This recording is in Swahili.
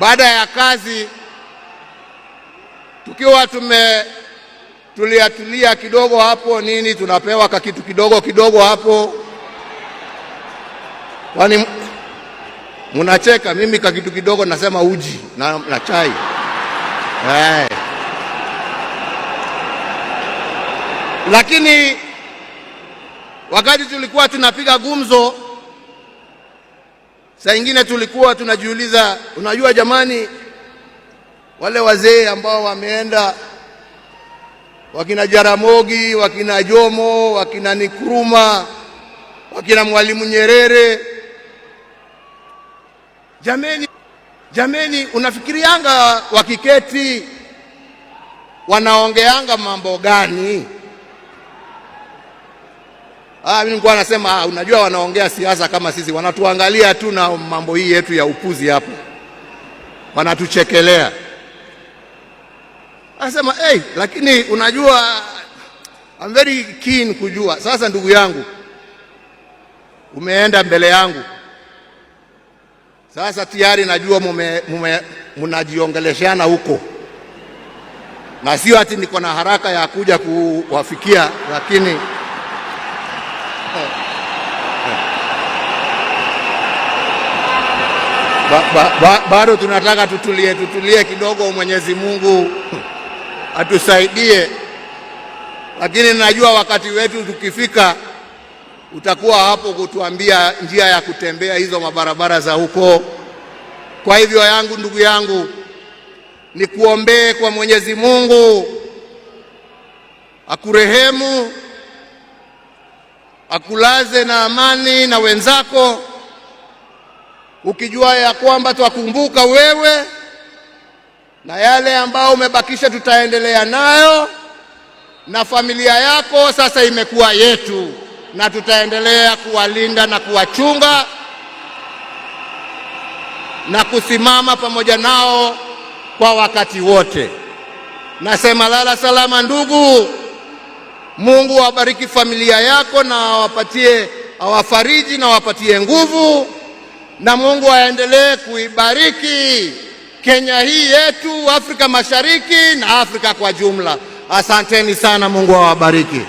Baada ya kazi tukiwa tume tuliatulia kidogo hapo nini, tunapewa kakitu kidogo kidogo hapo. Kwani munacheka? Mimi kakitu kidogo nasema uji na, na chai hey. Lakini wakati tulikuwa tunapiga gumzo Saa ingine tulikuwa tunajiuliza, unajua jamani, wale wazee ambao wameenda wakina Jaramogi, wakina Jomo, wakina Nikruma, wakina Mwalimu Nyerere, jameni, jameni, unafikirianga wakiketi wanaongeanga mambo gani? Ah, mimi nilikuwa nasema, ah, unajua wanaongea siasa kama sisi, wanatuangalia tu na mambo hii yetu ya upuzi hapo wanatuchekelea. Anasema hey, lakini unajua I'm very keen kujua. Sasa ndugu yangu, umeenda mbele yangu, sasa tayari najua mnajiongeleshana huko, na sio ati niko na haraka ya kuja kuwafikia, lakini ba, ba, ba, bado tunataka tutulie, tutulie kidogo. Mwenyezi Mungu atusaidie, lakini najua wakati wetu tukifika utakuwa hapo kutuambia njia ya kutembea hizo mabarabara za huko. Kwa hivyo yangu, ndugu yangu, nikuombee kwa Mwenyezi Mungu akurehemu, akulaze na amani na wenzako ukijua ya kwamba twakumbuka wewe na yale ambayo umebakisha tutaendelea nayo, na familia yako sasa imekuwa yetu, na tutaendelea kuwalinda na kuwachunga na kusimama pamoja nao kwa wakati wote. Nasema lala salama ndugu. Mungu awabariki familia yako na awapatie, awafariji na awapatie nguvu na Mungu aendelee kuibariki Kenya hii yetu, Afrika Mashariki na Afrika kwa jumla. Asanteni sana, Mungu awabariki.